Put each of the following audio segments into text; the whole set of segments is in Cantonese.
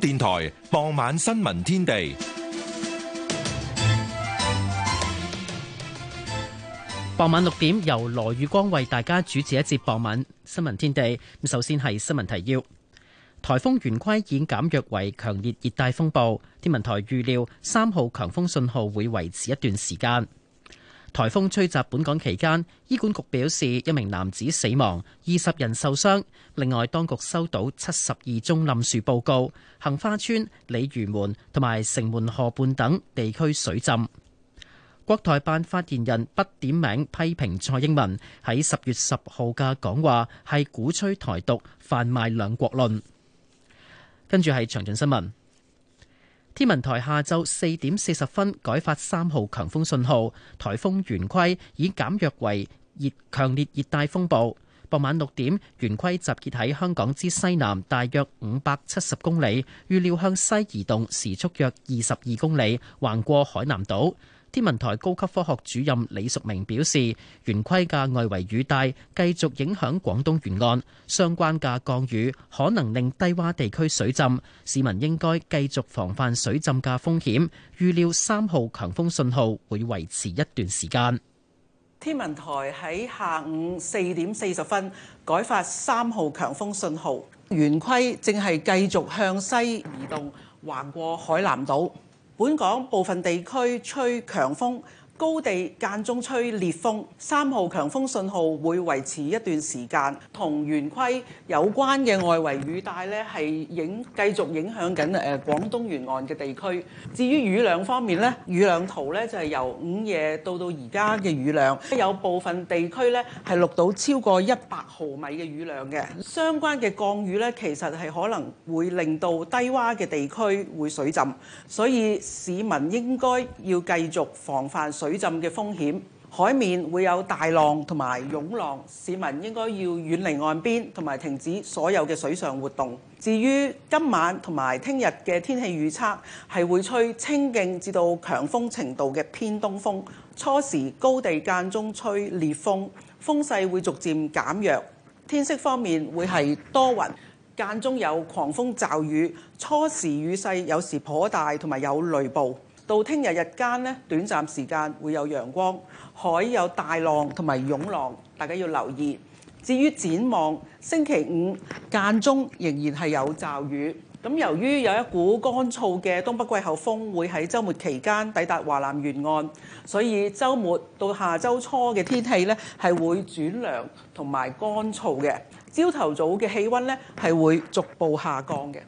電台傍晚新聞天地，傍晚六點由羅宇光為大家主持一節傍晚新聞天地。首先係新聞提要，颱風圓規已減弱為強烈熱帶風暴，天文台預料三號強風信號會維持一段時間。台風吹襲本港期間，醫管局表示一名男子死亡，二十人受傷。另外，當局收到七十二宗冧樹報告，杏花邨、鯉魚門同埋城門河畔等地區水浸。國台辦發言人不點名批評蔡英文喺十月十號嘅講話係鼓吹台獨、販賣兩國論。跟住係詳盡新聞。天文台下晝四點四十分改發三號強風信號，台風圓規已減弱為熱強烈熱帶風暴。傍晚六點，圓規集結喺香港之西南大約五百七十公里，預料向西移動，時速約二十二公里，橫過海南島。天文台高級科學主任李淑明表示，圓規嘅外圍雨帶繼續影響廣東沿岸，相關嘅降雨可能令低窪地區水浸，市民應該繼續防範水浸嘅風險。預料三號強風信號會維持一段時間。天文台喺下午四點四十分改發三號強風信號，圓規正係繼續向西移動，橫過海南島。本港部分地區吹強風。高地間中吹烈風，三號強風信號會維持一段時間，同圓規有關嘅外圍雨帶咧，係影繼續影響緊誒、呃、廣東沿岸嘅地區，至於雨量方面咧，雨量圖咧就係、是、由午夜到到而家嘅雨量，有部分地區咧係錄到超過一百毫米嘅雨量嘅。相關嘅降雨咧，其實係可能會令到低洼嘅地區會水浸，所以市民應該要繼續防範水。水浸嘅風險，海面會有大浪同埋湧浪，市民應該要遠離岸邊同埋停止所有嘅水上活動。至於今晚同埋聽日嘅天氣預測，係會吹清勁至到強風程度嘅偏東風，初時高地間中吹烈風，風勢會逐漸減弱。天色方面會係多雲，間中有狂風驟雨，初時雨勢有時頗大，同埋有雷暴。到聽日日間咧，短暫時間會有陽光，海有大浪同埋湧浪，大家要留意。至於展望星期五間中仍然係有驟雨。咁由於有一股乾燥嘅東北季候風會喺週末期間抵達華南沿岸，所以週末到下週初嘅天氣咧係會轉涼同埋乾燥嘅。朝頭早嘅氣温咧係會逐步下降嘅。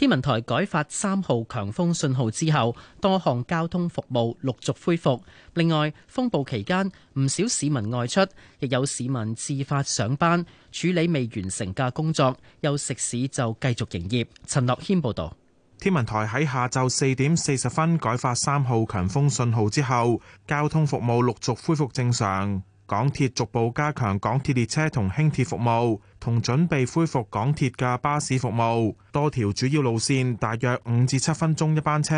天文台改發三號強風信號之後，多項交通服務陸續恢復。另外，風暴期間唔少市民外出，亦有市民自發上班處理未完成嘅工作，有食肆就繼續營業。陳樂謙報導。天文台喺下晝四點四十分改發三號強風信號之後，交通服務陸續恢復正常。港鐵逐步加強港鐵列車同輕鐵服務。同準備恢復港鐵嘅巴士服務，多條主要路線大約五至七分鐘一班車，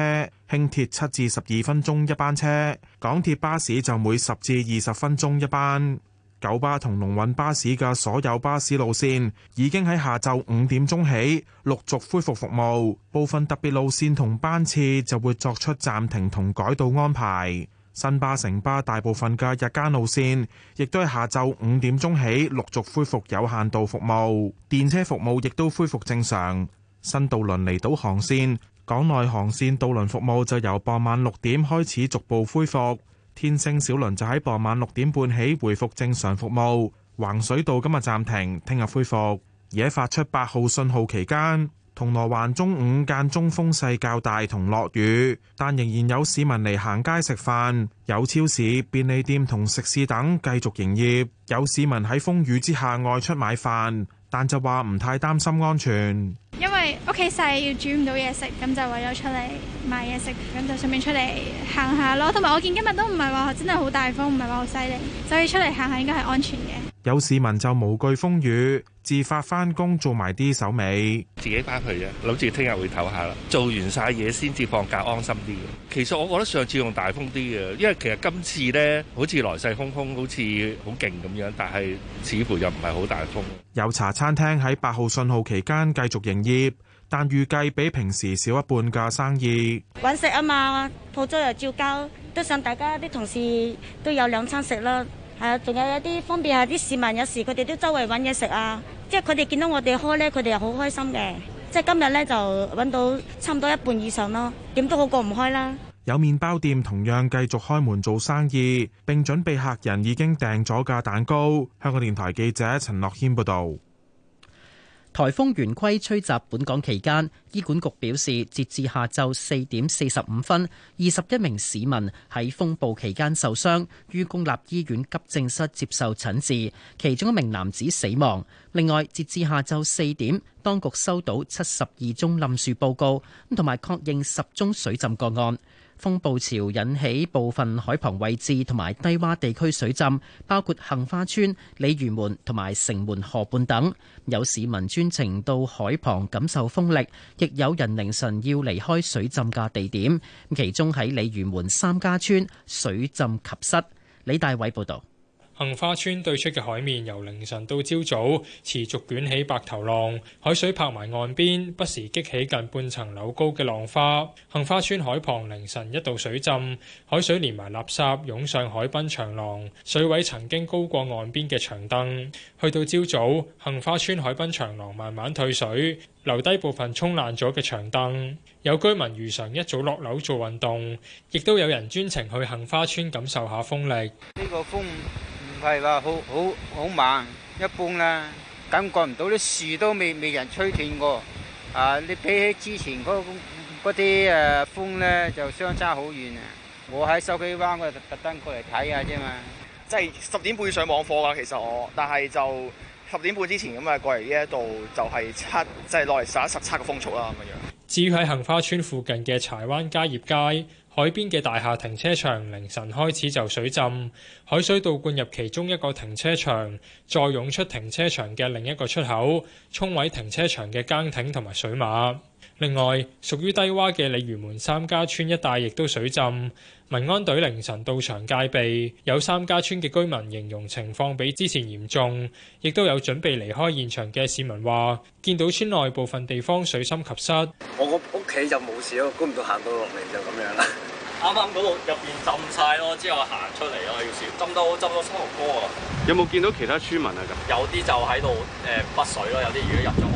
輕鐵七至十二分鐘一班車，港鐵巴士就每十至二十分鐘一班。九巴同龍運巴士嘅所有巴士路線已經喺下晝五點鐘起，陸續恢復服務，部分特別路線同班次就會作出暫停同改道安排。新巴、城巴大部分嘅日間路線，亦都係下晝五點鐘起陸續恢復有限度服務，電車服務亦都恢復正常。新渡輪離島航線、港內航線渡輪服務就由傍晚六點開始逐步恢復，天星小輪就喺傍晚六點半起回復正常服務。橫水渡今日暫停，聽日恢復。而喺發出八號信號期間，銅鑼灣中午間中風勢較大同落雨，但仍然有市民嚟行街食飯，有超市、便利店同食肆等繼續營業。有市民喺風雨之下外出買飯，但就話唔太擔心安全。因為屋企細，要煮唔到嘢食，咁就為咗出嚟買嘢食，咁就順便出嚟行下咯。同埋我見今日都唔係話真係好大風，唔係話好犀利，所以出嚟行下應該係安全嘅。有市民就無懼風雨，自發翻工做埋啲手尾，自己翻去啫，諗住聽日會唞下啦。做完晒嘢先至放假，安心啲嘅。其實我覺得上次仲大風啲嘅，因為其實今次咧好似來勢洶洶，好似好勁咁樣，但係似乎又唔係好大風。有茶餐廳喺八號信號期間繼續營業，但預計比平時少一半㗎生意。搵食啊嘛，鋪租又照交，都想大家啲同事都有兩餐食啦。係啊，仲有一啲方便下啲市民，有時佢哋都周圍搵嘢食啊。即係佢哋見到我哋開呢，佢哋又好開心嘅。即係今日呢，就搵到差唔多一半以上咯，點都好過唔開啦。有麵包店同樣繼續開門做生意，並準備客人已經訂咗㗎蛋糕。香港電台記者陳樂謙報道。颱風圓規吹襲本港期間，醫管局表示，截至下晝四點四十五分，二十一名市民喺風暴期間受傷，於公立醫院急症室接受診治，其中一名男子死亡。另外，截至下晝四點，當局收到七十二宗冧樹報告，同埋確認十宗水浸個案。風暴潮引起部分海旁位置同埋低窪地區水浸，包括杏花村、鯉魚門同埋城門河畔等，有市民專程到海旁感受風力，亦有人凌晨要離開水浸嘅地點。其中喺鯉魚門三家村水浸及膝。李大偉報道。杏花村對出嘅海面由凌晨到朝早持續捲起白頭浪，海水拍埋岸邊，不時激起近半層樓高嘅浪花。杏花村海旁凌晨一度水浸，海水連埋垃圾湧上海濱長廊，水位曾經高過岸邊嘅長凳。去到朝早，杏花村海濱長廊慢慢退水，留低部分沖爛咗嘅長凳。有居民如常一早落樓做運動，亦都有人專程去杏花村感受下風力。呢個風。唔係話好好好猛，一般啦，感覺唔到啲樹都未未人吹斷過。啊，你比起之前嗰啲誒風咧，就相差好遠啊！我喺筲箕灣嗰度特登過嚟睇下啫嘛。即係十點半上網課噶，其實我，但係就十點半之前咁啊，過嚟呢一度就係測，即係落嚟打十七個風速啦咁嘅樣。至於喺杏花村附近嘅柴灣嘉業街。海邊嘅大廈停車場凌晨開始就水浸，海水倒灌入其中一個停車場，再湧出停車場嘅另一個出口，沖毀停車場嘅更亭同埋水馬。另外，屬於低洼嘅鯉魚門三家村一帶亦都水浸，民安隊凌晨到場戒備。有三家村嘅居民形容情況比之前嚴重，亦都有準備離開現場嘅市民話：見到村內部分地方水深及膝，我屋屋企就冇事咯，估唔到行到落嚟就咁樣。啱啱嗰度入邊浸晒咯，之後行出嚟咯要時，浸到浸到膝頭哥啊！有冇見到其他村民啊、呃？有啲就喺度誒濁水咯，有啲如果入咗。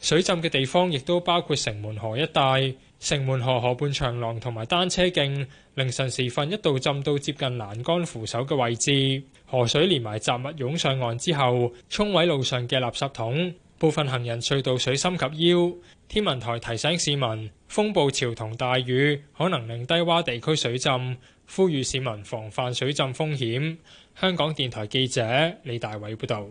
水浸嘅地方亦都包括城門河一帶，城門河河畔長廊同埋單車徑。凌晨時分一度浸到接近欄杆扶手嘅位置，河水連埋雜物湧上岸之後沖毀路上嘅垃圾桶。部分行人隧道水深及腰。天文台提醒市民，風暴潮同大雨可能令低洼地區水浸，呼籲市民防範水浸風險，香港電台記者李大偉報道。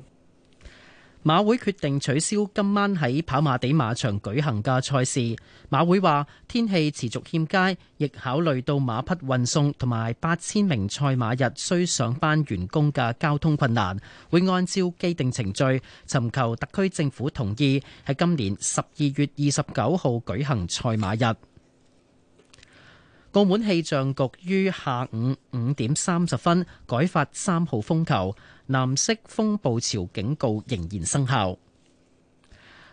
馬會決定取消今晚喺跑馬地馬場舉行嘅賽事。馬會話：天氣持續欠佳，亦考慮到馬匹運送同埋八千名賽馬日需上班員工嘅交通困難，會按照既定程序尋求特區政府同意，喺今年十二月二十九號舉行賽馬日。澳門氣象局於下午五點三十分改發三號風球，藍色風暴潮警告仍然生效。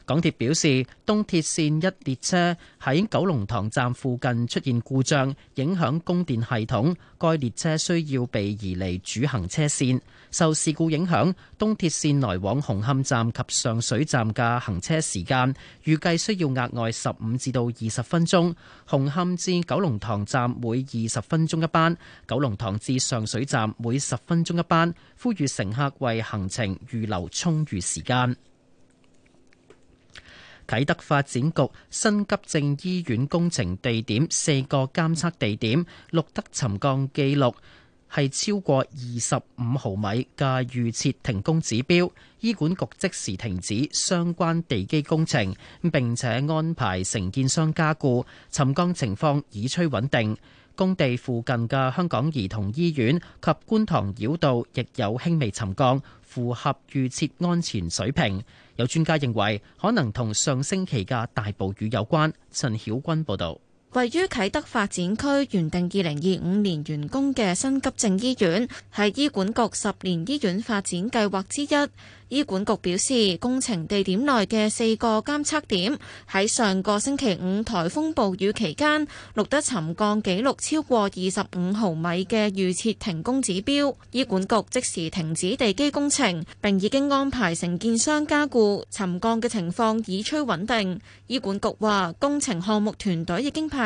港鐵表示，東鐵線一列車喺九龍塘站附近出現故障，影響供電系統，該列車需要被移離主行車線。受事故影響，東鐵線來往紅磡站及上水站嘅行車時間預計需要額外十五至到二十分鐘。紅磡至九龍塘站每二十分鐘一班，九龍塘至上水站每十分鐘一班。呼籲乘客為行程預留充裕時間。啟德發展局新急症醫院工程地點四個監測地點錄得沉降記錄，係超過二十五毫米嘅預設停工指標。醫管局即時停止相關地基工程，並且安排承建商加固。沉降情況已趨穩定。工地附近嘅香港兒童醫院及觀塘繞道亦有輕微沉降，符合預設安全水平。有專家認為，可能同上星期嘅大暴雨有關。陳曉君報導。位於啟德發展區、原定二零二五年完工嘅新急症醫院，係醫管局十年醫院發展計劃之一。醫管局表示，工程地點內嘅四個監測點，喺上個星期五颱風暴雨期間，錄得沉降紀錄超過二十五毫米嘅預設停工指標。醫管局即時停止地基工程，並已經安排承建商加固。沉降嘅情況已趨穩定。醫管局話，工程項目團隊已經派。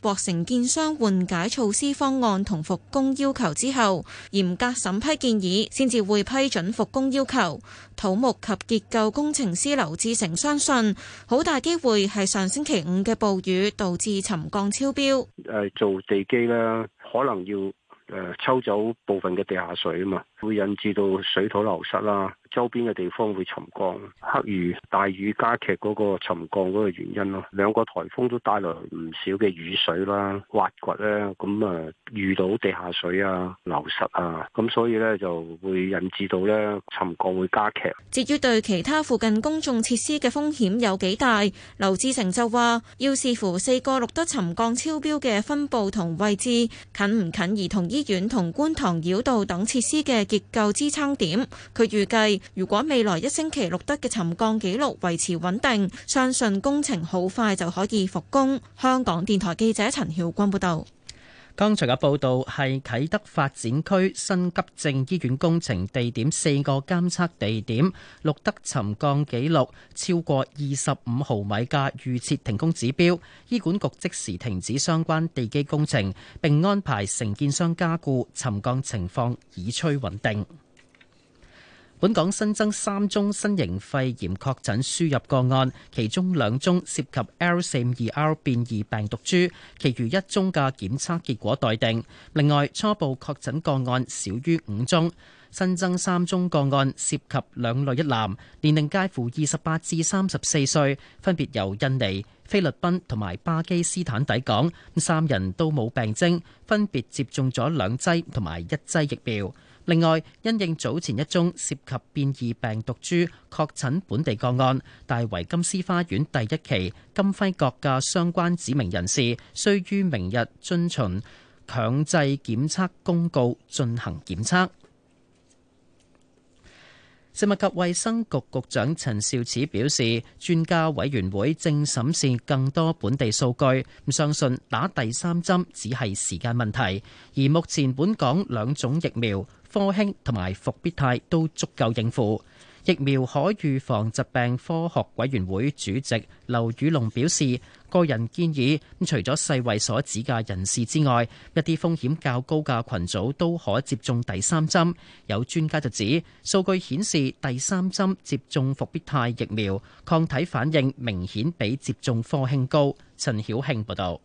獲承建商緩解措施方案同復工要求之後，嚴格審批建議，先至會批准復工要求。土木及結構工程師劉志成相信，好大機會係上星期五嘅暴雨導致沉降超標。誒，做地基咧，可能要誒抽走部分嘅地下水啊嘛，會引致到水土流失啦。周邊嘅地方會沉降，黑雨大雨加劇嗰個沉降嗰個原因咯。兩個台風都帶來唔少嘅雨水啦，挖掘咧，咁啊遇到地下水啊、流失啊，咁所以咧就會引致到咧沉降會加劇，至於對其他附近公眾設施嘅風險有幾大，劉志成就話要視乎四個錄得沉降超標嘅分布同位置，近唔近兒童醫院同觀塘繞道等設施嘅結構支撐點，佢預計。如果未來一星期錄得嘅沉降記錄維持穩定，相信工程好快就可以復工。香港電台記者陳曉君報導。剛才嘅報導係啟德發展區新急症醫院工程地點四個監測地點錄得沉降記錄超過二十五毫米嘅預設停工指標，醫管局即時停止相關地基工程並安排承建商加固沉降情況，已趨穩定。本港新增三宗新型肺炎確診輸入個案，其中兩宗涉及 L 四五二 R 變異病毒株，其餘一宗嘅檢測結果待定。另外，初步確診個案少於五宗，新增三宗個案涉及兩女一男，年齡介乎二十八至三十四歲，分別由印尼、菲律賓同埋巴基斯坦抵港。三人都冇病徵，分別接種咗兩劑同埋一劑疫苗。另外，因應早前一宗涉及變異病毒株確診本地個案，大圍金獅花園第一期金輝閣嘅相關指明人士，需於明日遵從強制檢測公告進行檢測。食物及衛生局局長陳肇始表示，專家委員會正審視更多本地數據，相信打第三針只係時間問題。而目前本港兩種疫苗，科興同埋復必泰都足夠應付。疫苗可預防疾病科學委員會主席劉宇龍表示，個人建議除咗世衞所指嘅人士之外，一啲風險較高嘅群組都可接種第三針。有專家就指，數據顯示第三針接種復必泰疫苗，抗體反應明顯比接種科興高。陳曉慶報道。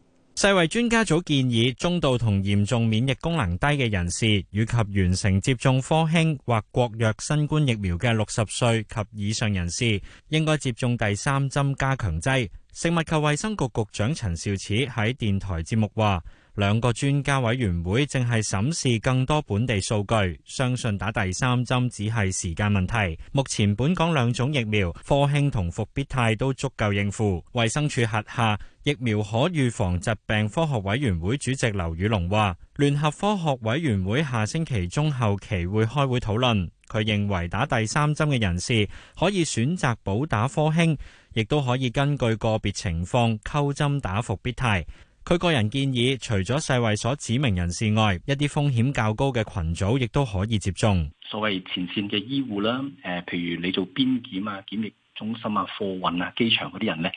世衛專家組建議，中度同嚴重免疫功能低嘅人士，以及完成接種科興或國藥新冠疫苗嘅六十歲及以上人士，應該接種第三針加強劑。食物及衛生局局長陳肇始喺電台節目話。兩個專家委員會正係審視更多本地數據，相信打第三針只係時間問題。目前本港兩種疫苗科興同復必泰都足夠應付。衛生署轄下疫苗可預防疾病科學委員會主席劉宇龍話，聯合科學委員會下星期中後期會開會討論。佢認為打第三針嘅人士可以選擇補打科興，亦都可以根據個別情況溝針打復必泰。佢個人建議，除咗世衛所指明人士外，一啲風險較高嘅群組，亦都可以接種。所謂前線嘅醫護啦，誒、呃，譬如你做邊檢啊、檢疫中心啊、貨運啊、機場嗰啲人咧，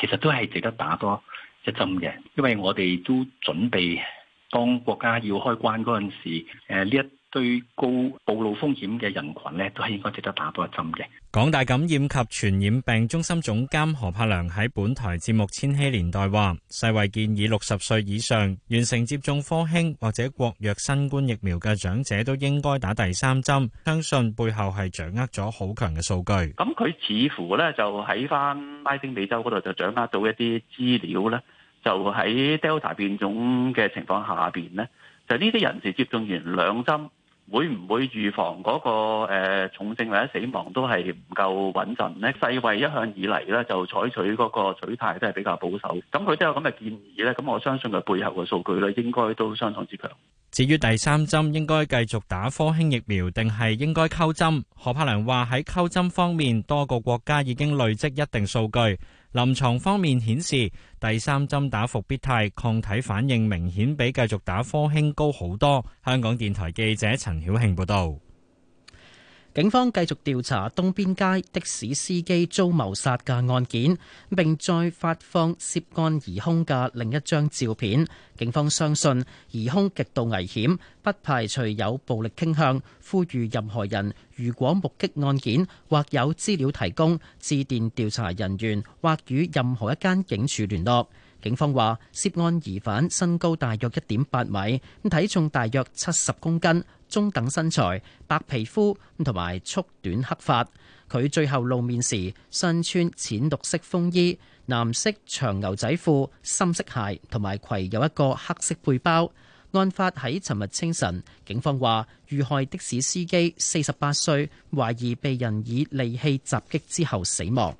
其實都係值得打多一針嘅，因為我哋都準備當國家要開關嗰陣時，呢、呃、一。對高暴露風險嘅人群呢，都係應該值得打多一針嘅。港大感染及傳染病中心總監何柏良喺本台節目《千禧年代》話：世衞建議六十歲以上完成接種科興或者國藥新冠疫苗嘅長者都應該打第三針。相信背後係掌握咗好強嘅數據。咁佢似乎呢就喺返拉丁美洲嗰度就掌握到一啲資料呢，就喺 Delta 變種嘅情況下邊呢，就呢啲人士接種完兩針。會唔會預防嗰個誒重症或者死亡都係唔夠穩陣咧？世衞一向以嚟咧就採取嗰個取態都係比較保守，咁佢都有咁嘅建議咧，咁我相信佢背後嘅數據咧應該都相當之強。至於第三針應該繼續打科興疫苗定係應該溝針？何柏良話喺溝針方面，多個國家已經累積一定數據。臨床方面顯示，第三針打復必泰抗體反應明顯比繼續打科興高好多。香港電台記者陳曉慶報道。警方繼續調查東邊街的士司機遭謀殺嘅案件，並再發放涉案疑兇嘅另一張照片。警方相信疑兇極度危險，不排除有暴力傾向，呼籲任何人如果目擊案件或有資料提供，致電調查人員或與任何一間警署聯絡。警方話，涉案疑犯身高大約一點八米，體重大約七十公斤。中等身材、白皮膚同埋束短黑髮，佢最後露面時身穿淺綠色風衣、藍色長牛仔褲、深色鞋，同埋携有一個黑色背包。案發喺尋日清晨，警方話遇害的士司機四十八歲，懷疑被人以利器襲擊之後死亡。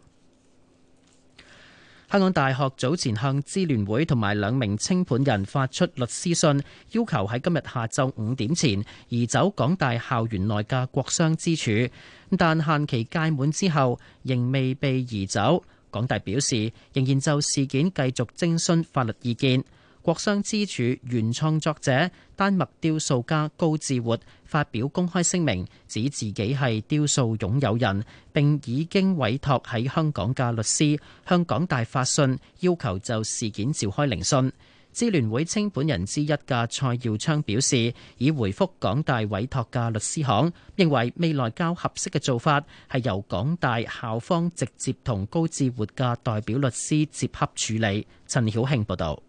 香港大學早前向支聯會同埋兩名清盤人發出律師信，要求喺今日下晝五點前移走港大校園內嘅國殤之柱，但限期屆滿之後仍未被移走。港大表示仍然就事件繼續徵詢法律意見。國殤之柱、原創作者、丹麥雕塑家高志活發表公開聲明，指自己係雕塑擁有人，並已經委託喺香港嘅律師向港大發信要求就事件召開聆訊。支聯會稱，本人之一嘅蔡耀昌表示，已回覆港大委託嘅律師行，認為未來較合適嘅做法係由港大校方直接同高志活嘅代表律師接洽處理。陳曉慶報道。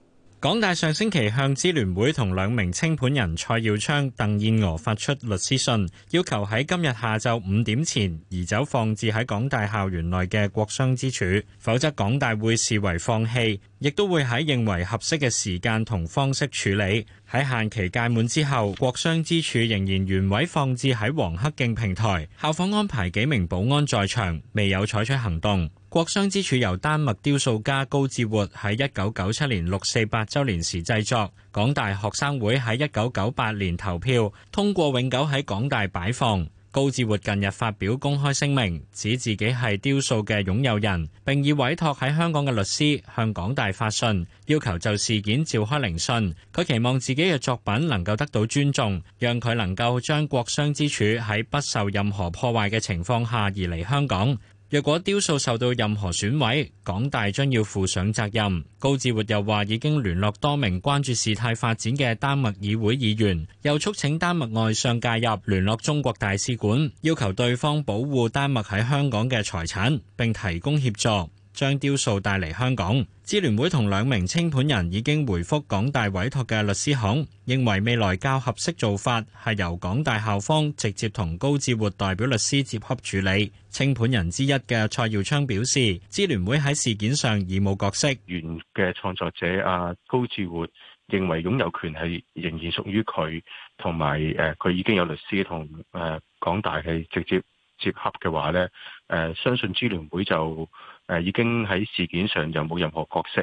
港大上星期向支聯會同兩名清盤人蔡耀昌、鄧燕娥發出律師信，要求喺今日下晝五點前移走放置喺港大校園內嘅國殤之柱，否則港大會視為放棄，亦都會喺認為合適嘅時間同方式處理。喺限期屆滿之後，國殤之柱仍然原位放置喺黃克競平台，校方安排幾名保安在場，未有採取行動。國殤之柱由丹麥雕塑家高志活喺一九九七年六四八週年時製作，港大學生會喺一九九八年投票通過永久喺港大擺放。高志活近日發表公開聲明，指自己係雕塑嘅擁有人，並以委託喺香港嘅律師向港大發信，要求就事件召開聆訊。佢期望自己嘅作品能夠得到尊重，讓佢能夠將國殤之柱喺不受任何破壞嘅情況下移離香港。若果雕塑受到任何損毀，港大將要負上責任。高志活又話已經聯絡多名關注事態發展嘅丹麥議會議員，又促請丹麥外相介入聯絡中國大使館，要求對方保護丹麥喺香港嘅財產，並提供協助。將雕塑帶嚟香港，支聯會同兩名清盤人已經回覆港大委託嘅律師行，認為未來較合適做法係由港大校方直接同高志活代表律師接洽處理。清盤人之一嘅蔡耀昌表示，支聯會喺事件上已冇角色。原嘅創作者阿高志活認為擁有權係仍然屬於佢，同埋誒佢已經有律師同誒港大係直接接洽嘅話呢，誒相信支聯會就。誒，已經喺事件上就冇任何角色，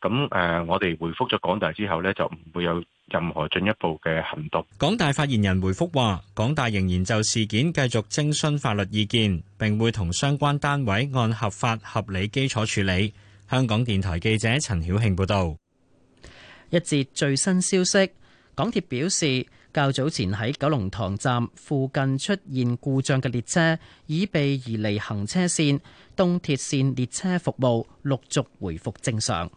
咁誒，我哋回覆咗港大之後咧，就唔會有任何進一步嘅行動。港大發言人回覆話，港大仍然就事件繼續徵詢法律意見，並會同相關單位按合法合理基礎處理。香港電台記者陳曉慶報道。一節最新消息，港鐵表示，較早前喺九龍塘站附近出現故障嘅列車已被移離行車線，東鐵線列車服務陸續回復正常。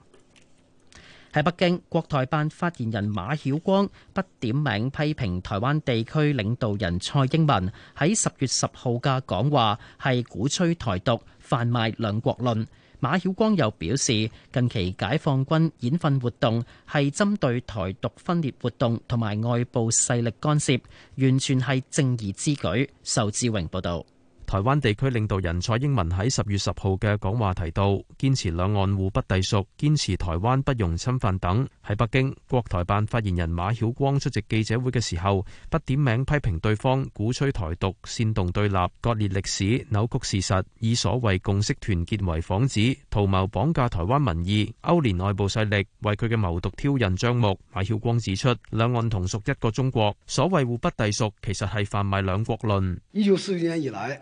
喺北京，國台辦發言人馬曉光不點名批評台灣地區領導人蔡英文喺十月十號嘅講話係鼓吹台獨、販賣兩國論。馬曉光又表示，近期解放軍演訓活動係針對台獨分裂活動同埋外部勢力干涉，完全係正義之舉。仇志榮報道。台灣地區領導人蔡英文喺十月十號嘅講話提到，堅持兩岸互不隸屬，堅持台灣不容侵犯等。喺北京國台辦發言人馬曉光出席記者會嘅時候，不點名批評對方鼓吹台獨、煽動對立、割裂歷史、扭曲事實，以所謂共識團結為幌子，圖謀綁架台灣民意，勾聯外部勢力，為佢嘅謀獨挑釁張目。馬曉光指出，兩岸同屬一個中國，所謂互不隸屬其實係販賣兩國論。一九四九年以來。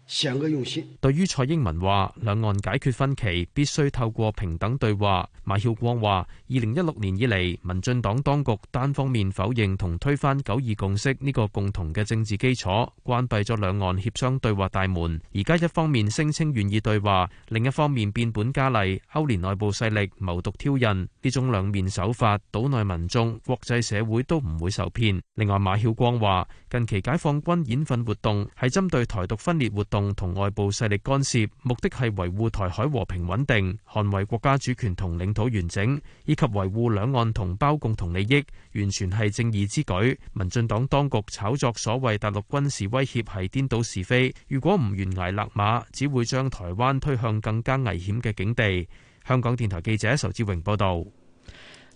險惡用心。對於蔡英文話，兩岸解決分歧必須透過平等對話。馬曉光話：，二零一六年以嚟，民進黨當局單方面否認同推翻九二共識呢個共同嘅政治基礎，關閉咗兩岸協商對話大門。而家一方面聲稱願意對話，另一方面變本加厲，勾連內部勢力，謀獨挑釁。呢種兩面手法，島內民眾、國際社會都唔會受騙。另外，馬曉光話：，近期解放軍演訓活動係針對台獨分裂活動。同外部勢力干涉，目的係維護台海和平穩定，捍衛國家主權同領土完整，以及維護兩岸同胞共同利益，完全係正義之舉。民進黨當局炒作所謂大陸軍事威脅係顛倒是非，如果唔懸崖勒馬，只會將台灣推向更加危險嘅境地。香港電台記者仇志榮報道。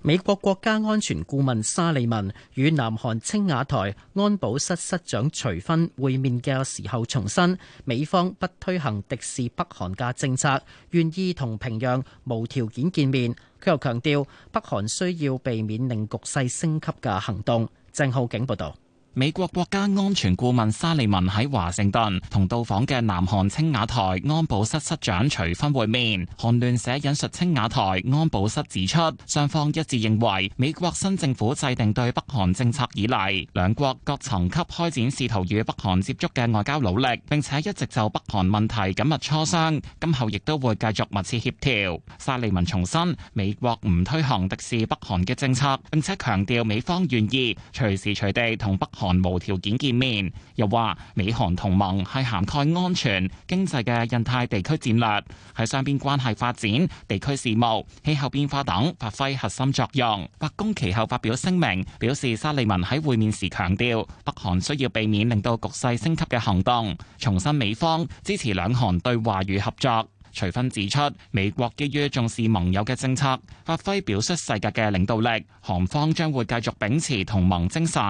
美國國家安全顧問沙利文與南韓青瓦台安保室室長徐薰會面嘅時候重申，美方不推行敵視北韓嘅政策，願意同平壤無條件見面。佢又強調，北韓需要避免令局勢升級嘅行動。鄭浩景報道。美國國家安全顧問沙利文喺華盛頓同到訪嘅南韓青瓦台安保室室長徐薰會面。韓聯社引述青瓦台安保室指出，雙方一致認為美國新政府制定對北韓政策以來，兩國各層級開展試圖與北韓接觸嘅外交努力，並且一直就北韓問題緊密磋商，今後亦都會繼續密切協調。沙利文重申美國唔推行敵視北韓嘅政策，並且強調美方願意隨時隨地同北韓韓無條件見面，又話美韓同盟係涵蓋安全、經濟嘅印太地區戰略，喺雙邊關係發展、地區事務、氣候變化等發揮核心作用。白宮其後發表聲明，表示沙利文喺會面時強調，北韓需要避免令到局勢升級嘅行動，重申美方支持兩韓對話與合作。徐芬指出，美國基於重視盟友嘅政策，發揮表率世界嘅領導力，韓方將會繼續秉持同盟精神。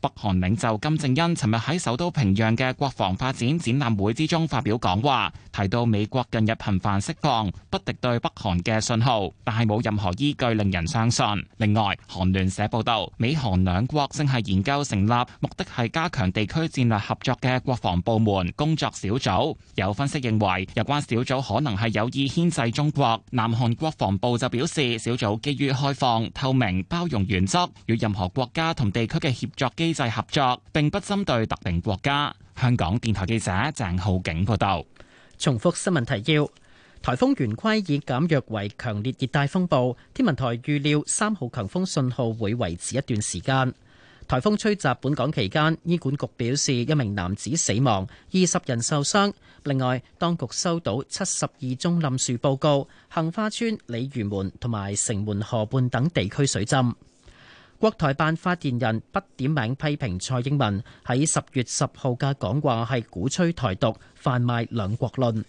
北韓領袖金正恩尋日喺首都平壤嘅國防發展展覽會之中發表講話，提到美國近日頻繁釋放不敵對北韓嘅信號，但係冇任何依據令人相信。另外，韓聯社報道，美韓兩國正係研究成立，目的係加強地區戰略合作嘅國防部門工作小組，有分析認為有關小組可能係有意牽制中國。南韓國防部就表示，小組基於開放、透明、包容原則，與任何國家同地區嘅協作機制合作，並不針對特定國家。香港電台記者鄭浩景報道。重複新聞提要：颱風圓規已減弱為強烈熱帶風暴，天文台預料三號強風信號會維持一段時間。颱風吹襲本港期間，醫管局表示一名男子死亡，二十人受傷。另外，當局收到七十二宗冧樹報告，杏花村、鯉魚門同埋城門河畔等地區水浸。國台辦發言人不點名批評蔡英文喺十月十號嘅講話係鼓吹台獨、販賣兩國論。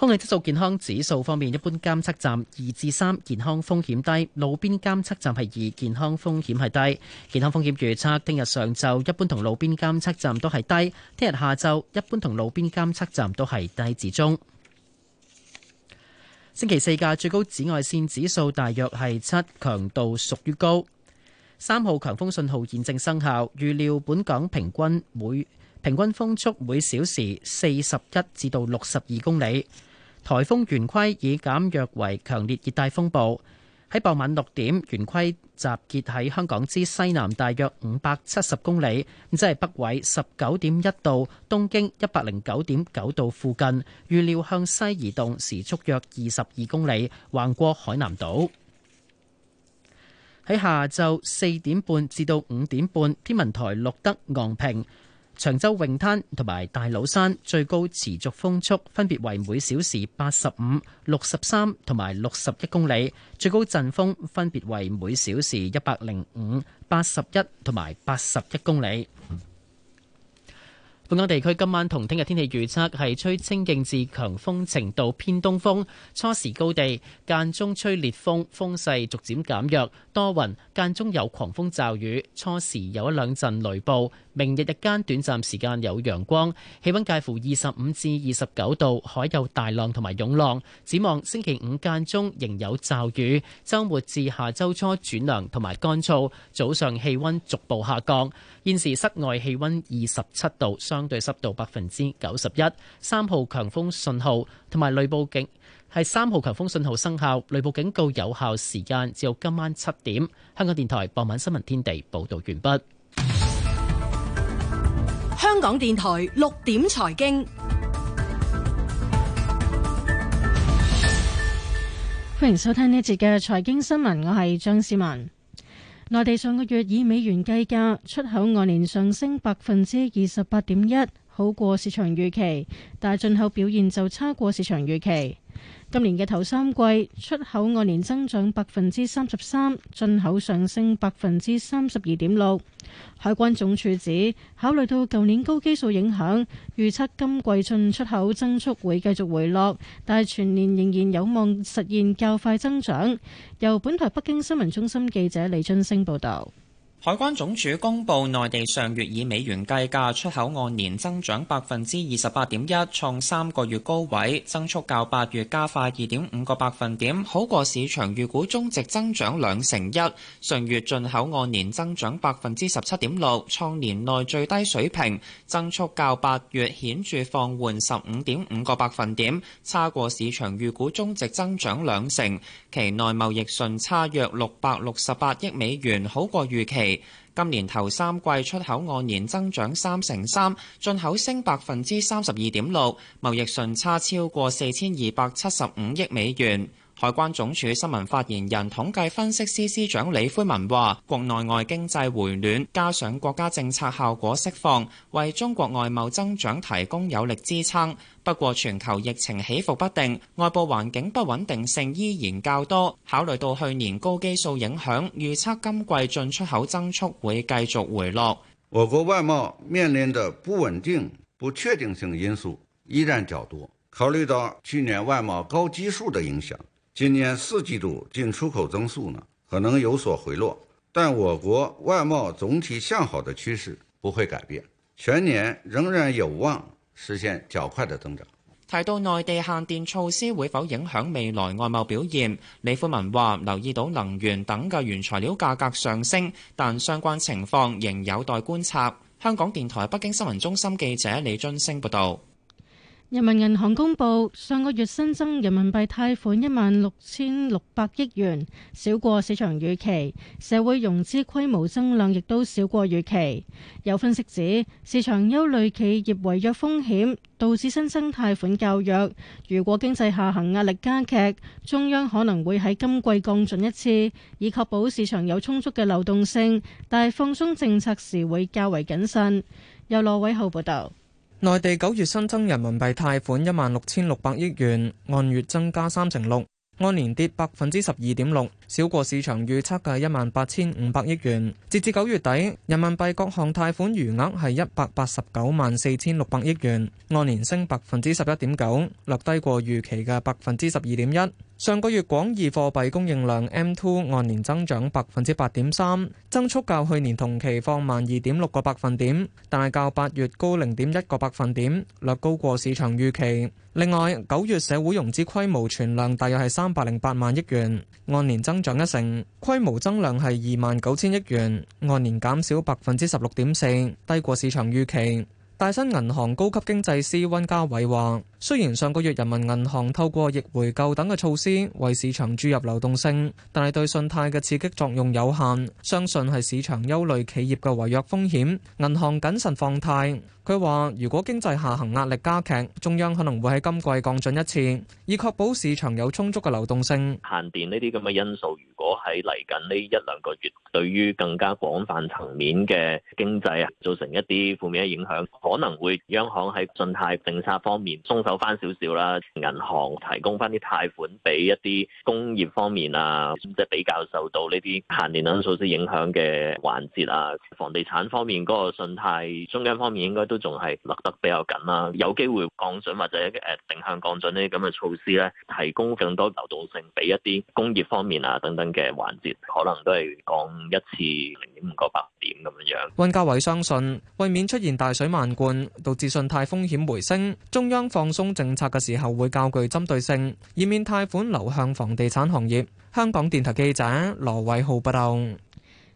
空氣質素健康指數方面，一般監測站二至三，健康風險低；路邊監測站係二，健康風險係低。健康風險預測，聽日上晝一般同路邊監測站都係低；聽日下晝一般同路邊監測站都係低至中。星期四嘅最高紫外綫指數大約係七，強度屬於高。三號強風信號現正生效，預料本港平均每平均風速每小時四十一至到六十二公里。颱風圓規已減弱為強烈熱帶風暴，喺傍晚六點，圓規集結喺香港之西南大約五百七十公里，即係北緯十九點一度，東經一百零九點九度附近。預料向西移動，時速約二十二公里，橫過海南島。喺下晝四點半至到五點半，天文台錄得昂坪。長洲泳灘同埋大老山最高持續風速分別為每小時八十五、六十三同埋六十一公里，最高陣風分別為每小時一百零五、八十一同埋八十一公里。本港地區今晚同聽日天氣預測係吹清勁至強風程度偏東風，初時高地間中吹烈風，風勢逐漸減弱，多雲間中有狂風驟雨，初時有一兩陣雷暴。明日日間短暫時間有陽光，氣溫介乎二十五至二十九度，海有大浪同埋湧浪。展望星期五間中仍有驟雨，周末至下周初轉涼同埋乾燥，早上氣溫逐步下降。現時室外氣溫二十七度，相對濕度百分之九十一，三號強風信號同埋雷暴警係三號強風信號生效，雷暴警告有效時間至到今晚七點。香港電台傍晚新聞天地報道完畢。香港電台六點財經，歡迎收聽呢節嘅財經新聞，我係張思文。內地上個月以美元計價出口按年上升百分之二十八點一，好過市場預期，但係進口表現就差過市場預期。今年嘅頭三季出口按年增長百分之三十三，進口上升百分之三十二點六。海關總署指，考慮到舊年高基數影響，預測今季進出口增速會繼續回落，但係全年仍然有望實現較快增長。由本台北京新聞中心記者李春星報道。海關總署公布，內地上月以美元計價出口按年增長百分之二十八點一，創三個月高位，增速較八月加快二點五個百分點，好過市場預估中值增長兩成一。上月進口按年增長百分之十七點六，創年內最低水平，增速較八月顯著放緩十五點五個百分點，差過市場預估中值增長兩成。期內貿易順差約六百六十八億美元，好過預期。今年頭三季出口按年增長三成三，進口升百分之三十二點六，貿易順差超過四千二百七十五億美元。海關總署新聞發言人、統計分析司司長李魁文話：國內外經濟回暖，加上國家政策效果釋放，為中國外貿增長提供有力支撐。不過全球疫情起伏不定，外部環境不穩定性依然較多。考慮到去年高基數影響，預測今季進出口增速會繼續回落。我國外貿面臨的不穩定、不確定性因素依然較多。考慮到去年外貿高基數的影響，今年四季度進出口增速呢可能有所回落，但我國外貿總體向好的趨勢不會改變，全年仍然有望。實現較快的增長。提到內地限電措施會否影響未來外貿表現，李富文話：留意到能源等嘅原材料價格上升，但相關情況仍有待觀察。香港電台北京新聞中心記者李津星報道。人民銀行公布上個月新增人民幣貸款一萬六千六百億元，少過市場預期。社會融資規模增量亦都少過預期。有分析指，市場憂慮企業違約風險導致新增貸款較弱。如果經濟下行壓力加劇，中央可能會喺今季降準一次，以確保市場有充足嘅流動性。但係放鬆政策時會較為謹慎。由羅偉浩報道。內地九月新增人民幣貸款一萬六千六百億元，按月增加三成六，按年跌百分之十二點六，少過市場預測嘅一萬八千五百億元。截至九月底，人民幣各項貸款餘額係一百八十九萬四千六百億元，按年升百分之十一點九，略低過預期嘅百分之十二點一。上個月廣義貨幣供應量 M2 按年增長百分之八點三，增速較去年同期放慢二點六個百分點，但係較八月高零點一個百分點，略高過市場預期。另外，九月社會融資規模存量大約係三百零八萬億元，按年增長一成，規模增量係二萬九千億元，按年減少百分之十六點四，低過市場預期。大新銀行高級經濟師温家偉話。雖然上個月人民銀行透過逆回購等嘅措施為市場注入流動性，但係對信貸嘅刺激作用有限。相信係市場憂慮企業嘅違約風險，銀行謹慎放貸。佢話如果經濟下行壓力加劇，中央可能會喺今季降準一次，以確保市場有充足嘅流動性。限電呢啲咁嘅因素，如果喺嚟緊呢一兩個月，對於更加廣泛層面嘅經濟造成一啲負面嘅影響，可能會央行喺信貸政策方面鬆。有翻少少啦，銀行提供翻啲貸款俾一啲工業方面啊，即係比較受到呢啲限電等措施影響嘅環節啊，房地產方面嗰個信貸中間方面應該都仲係勒得比較緊啦，有機會降準或者誒定向降準呢咁嘅措施咧，提供更多流動性俾一啲工業方面啊等等嘅環節，可能都係降一次零點五個百分點咁樣。温家偉相信，為免出現大水漫灌，導致信貸風險回升，中央放。中政策嘅時候會較具針對性，以免貸款流向房地產行業。香港電台記者羅偉浩報道。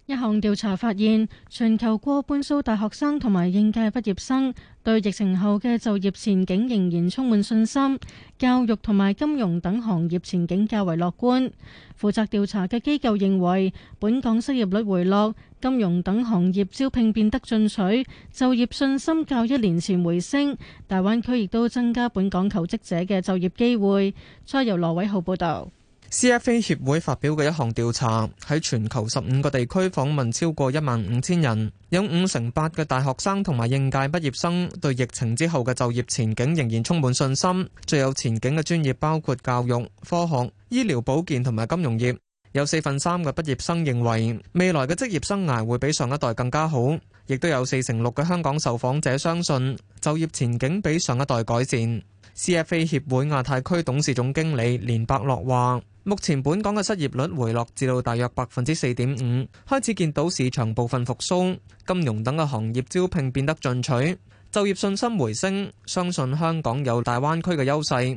一項調查發現，全球過半數大學生同埋應屆畢業生對疫情後嘅就業前景仍然充滿信心，教育同埋金融等行業前景較為樂觀。負責調查嘅機構認為，本港失業率回落，金融等行業招聘變得進取，就業信心較一年前回升。大灣區亦都增加本港求職者嘅就業機會。再由羅偉浩報道。CFA 協會發表嘅一項調查，喺全球十五個地區訪問超過一萬五千人，有五成八嘅大學生同埋應屆畢業生對疫情之後嘅就業前景仍然充滿信心。最有前景嘅專業包括教育、科學、醫療保健同埋金融業。有四分三嘅畢業生認為未來嘅職業生涯會比上一代更加好，亦都有四成六嘅香港受訪者相信就業前景比上一代改善。CFA 協會亞太區董事總經理連伯樂話：目前本港嘅失業率回落至到大約百分之四點五，開始見到市場部分復甦，金融等嘅行業招聘變得進取，就業信心回升，相信香港有大灣區嘅優勢。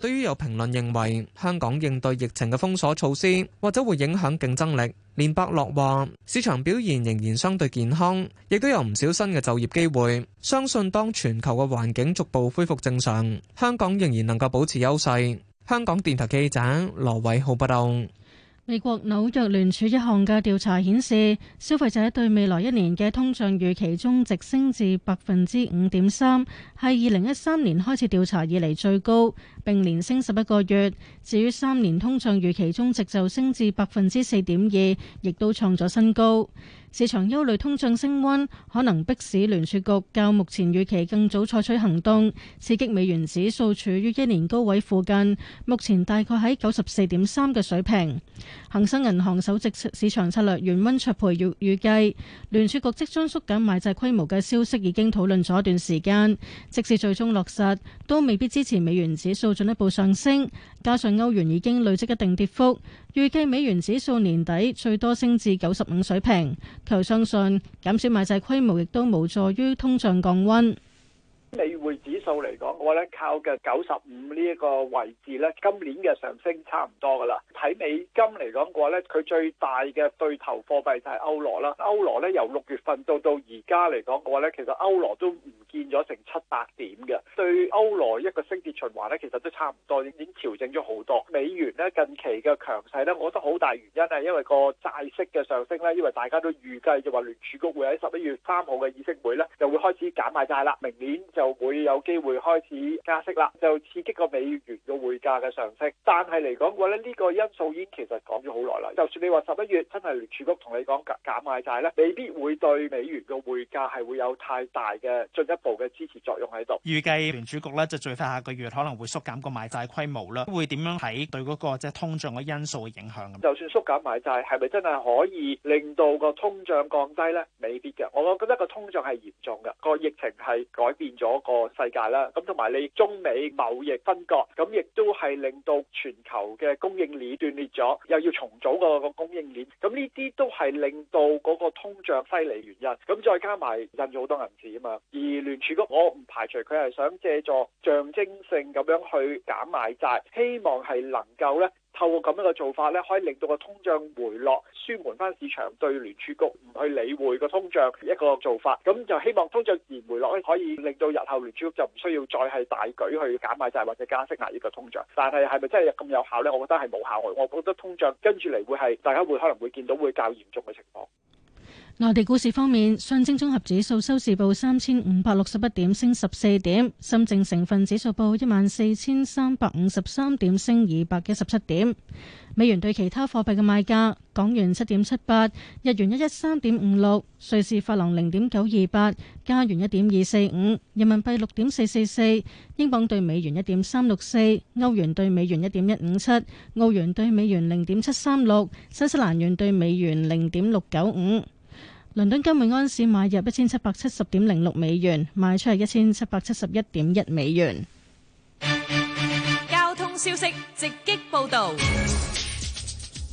對於有評論認為香港應對疫情嘅封鎖措施或者會影響競爭力，連伯樂話：市場表現仍然相對健康，亦都有唔少新嘅就業機會。相信當全球嘅環境逐步恢復正常，香港仍然能夠保持優勢。香港電台記者羅偉浩報道。美國紐約聯儲一項嘅調查顯示，消費者對未來一年嘅通脹預期中值升至百分之五點三，係二零一三年開始調查以嚟最高，並連升十一個月。至於三年通脹預期中值就升至百分之四點二，亦都創咗新高。市場憂慮通脹升溫，可能迫使聯儲局較目前預期更早採取行動，刺激美元指數處於一年高位附近，目前大概喺九十四點三嘅水平。恒生銀行首席市場策略員溫卓培預預計，聯儲局即將縮減買債規模嘅消息已經討論咗一段時間，即使最終落實，都未必支持美元指數進一步上升，加上歐元已經累積一定跌幅。預計美元指數年底最多升至九十五水平，佢相信減少買債規模亦都無助於通脹降溫。到嚟講嘅話咧，靠嘅九十五呢一個位置咧，今年嘅上升差唔多噶啦。睇美金嚟講嘅話咧，佢最大嘅對頭貨幣就係歐羅啦。歐羅咧由六月份到到而家嚟講嘅話咧，其實歐羅都唔見咗成七百點嘅。對歐羅一個升跌循環咧，其實都差唔多，已經調整咗好多。美元咧近期嘅強勢咧，我覺得好大原因係因為個債息嘅上升咧，因為大家都預計，就話聯儲局會喺十一月三號嘅議息會咧，就會開始減買債啦。明年就會有機會開始加息啦，就刺激個美元嘅匯價嘅上升。但係嚟講嘅話咧，呢、這個因素已經其實講咗好耐啦。就算你話十一月真係聯儲局同你講減減買債咧，未必會對美元嘅匯價係會有太大嘅進一步嘅支持作用喺度。預計聯儲局咧就最快下個月可能會縮減個買債規模啦。會點樣睇對嗰、那個即係、就是、通脹嘅因素嘅影響？就算縮減買債，係咪真係可以令到個通脹降低咧？未必嘅。我我覺得個通脹係嚴重嘅，個疫情係改變咗個世界。啦，咁同埋你中美貿易分割，咁亦都係令到全球嘅供應鏈斷裂咗，又要重組個供應鏈，咁呢啲都係令到嗰個通脹犀利原因。咁再加埋印咗好多銀紙啊嘛，而聯儲局我唔排除佢係想借助象徵性咁樣去減買債，希望係能夠咧。透過咁樣嘅做法呢，可以令到個通脹回落，舒緩返市場對聯儲局唔去理會個通脹一個做法。咁就希望通脹自然回落呢，可以令到日後聯儲局就唔需要再係大舉去減買債或者加息壓呢個通脹。但係係咪真係咁有效呢？我覺得係冇效。我覺得通脹跟住嚟會係大家會可能會見到會較嚴重嘅情況。內地股市方面，上證綜合指數收市報三千五百六十一點，升十四點；深證成分指數報一萬四千三百五十三點，升二百一十七點。美元對其他貨幣嘅賣價：港元七點七八，日元一一三點五六，瑞士法郎零點九二八，加元一點二四五，人民幣六點四四四，英鎊對美元一點三六四，歐元對美元一點一五七，澳元對美元零點七三六，新西蘭元對美元零點六九五。倫敦金每盎司買入一千七百七十點零六美元，賣出係一千七百七十一點一美元。交通消息直擊報道。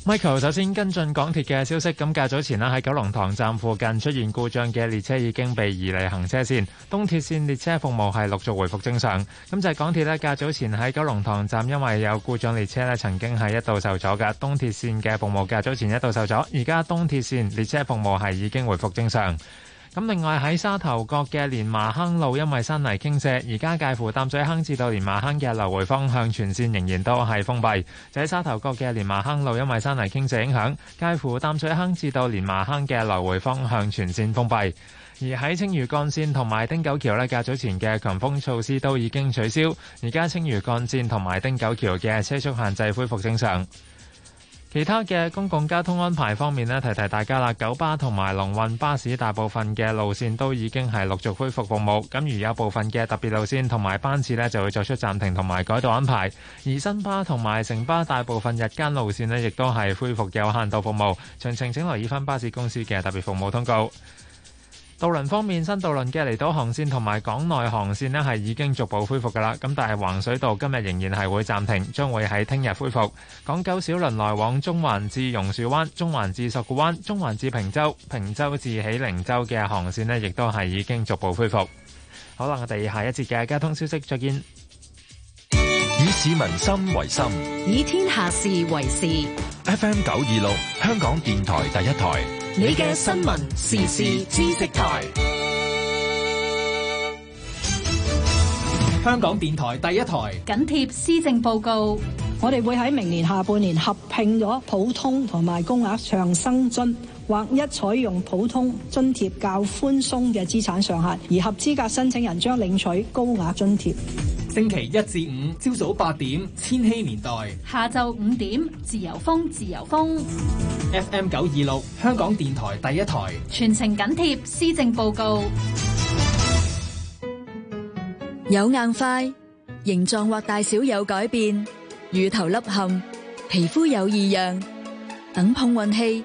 Michael 首先跟進港鐵嘅消息。咁較早前啦，喺九龍塘站附近出現故障嘅列車已經被移離行車線，東鐵線列車服務係陸續回復正常。咁就係港鐵呢，較早前喺九龍塘站因為有故障列車呢，曾經係一度受阻㗎。東鐵線嘅服務較早前一度受阻，而家東鐵線列車服務係已經回復正常。咁另外喺沙頭角嘅連麻坑路，因為山泥傾瀉，而家介乎淡水坑至到連麻坑嘅來回方向全線仍然都係封閉。就喺沙頭角嘅連麻坑路，因為山泥傾瀉影響，介乎淡水坑至到連麻坑嘅來回方向全線封閉。而喺青嶼幹線同埋汀九橋呢，較早前嘅強風措施都已經取消，而家青嶼幹線同埋汀九橋嘅車速限制恢復正常。其他嘅公共交通安排方面呢，提提大家啦。九巴同埋龍運巴士大部分嘅路線都已經係陸續恢復服務，咁如有部分嘅特別路線同埋班次呢，就會作出暫停同埋改道安排。而新巴同埋城巴大部分日間路線呢，亦都係恢復有限度服務。詳情請留意翻巴士公司嘅特別服務通告。渡輪方面，新渡輪嘅離島航線同埋港內航線呢係已經逐步恢復噶啦，咁但係橫水道今日仍然係會暫停，將會喺聽日恢復。港九小輪來往中環至榕樹灣、中環至索罟灣、中環至坪洲、坪洲至喜靈洲嘅航線呢，亦都係已經逐步恢復。好啦，我哋下一節嘅交通消息再見。以市民心為心，以天下事為事。FM 九二六，香港電台第一台。你嘅新聞時事知識台，香港電台第一台。緊貼施政報告。我哋會喺明年下半年合併咗普通同埋公額長生津。或一採用普通津貼較寬鬆嘅資產上限，而合資格申請人將領取高額津貼。星期一至五朝早八點，千禧年代；下晝五點，自由風自由風。FM 九二六，香港電台第一台。全程緊貼施政報告。有硬塊，形狀或大小有改變，乳頭凹陷，皮膚有異樣，等碰運氣。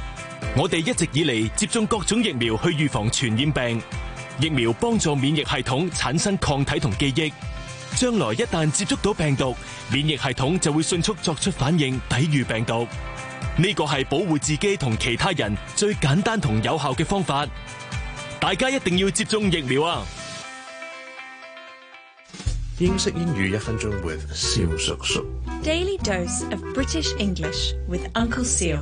我哋一直以嚟接種各種疫苗去預防傳染病，疫苗幫助免疫系統產生抗體同記憶，將來一旦接觸到病毒，免疫系統就會迅速作出反應抵禦病毒。呢個係保護自己同其他人最簡單同有效嘅方法，大家一定要接種疫苗啊！英式英語一分鐘 with 蕭叔叔，Daily dose of British English with Uncle Siu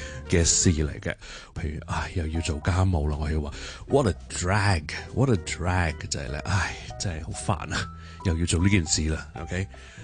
嘅事嚟嘅，譬如啊，又要做家務啦，我要話，what a drag，what a drag，就係咧，唉，真係好煩啊，又要做呢件事啦，OK。